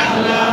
Allah.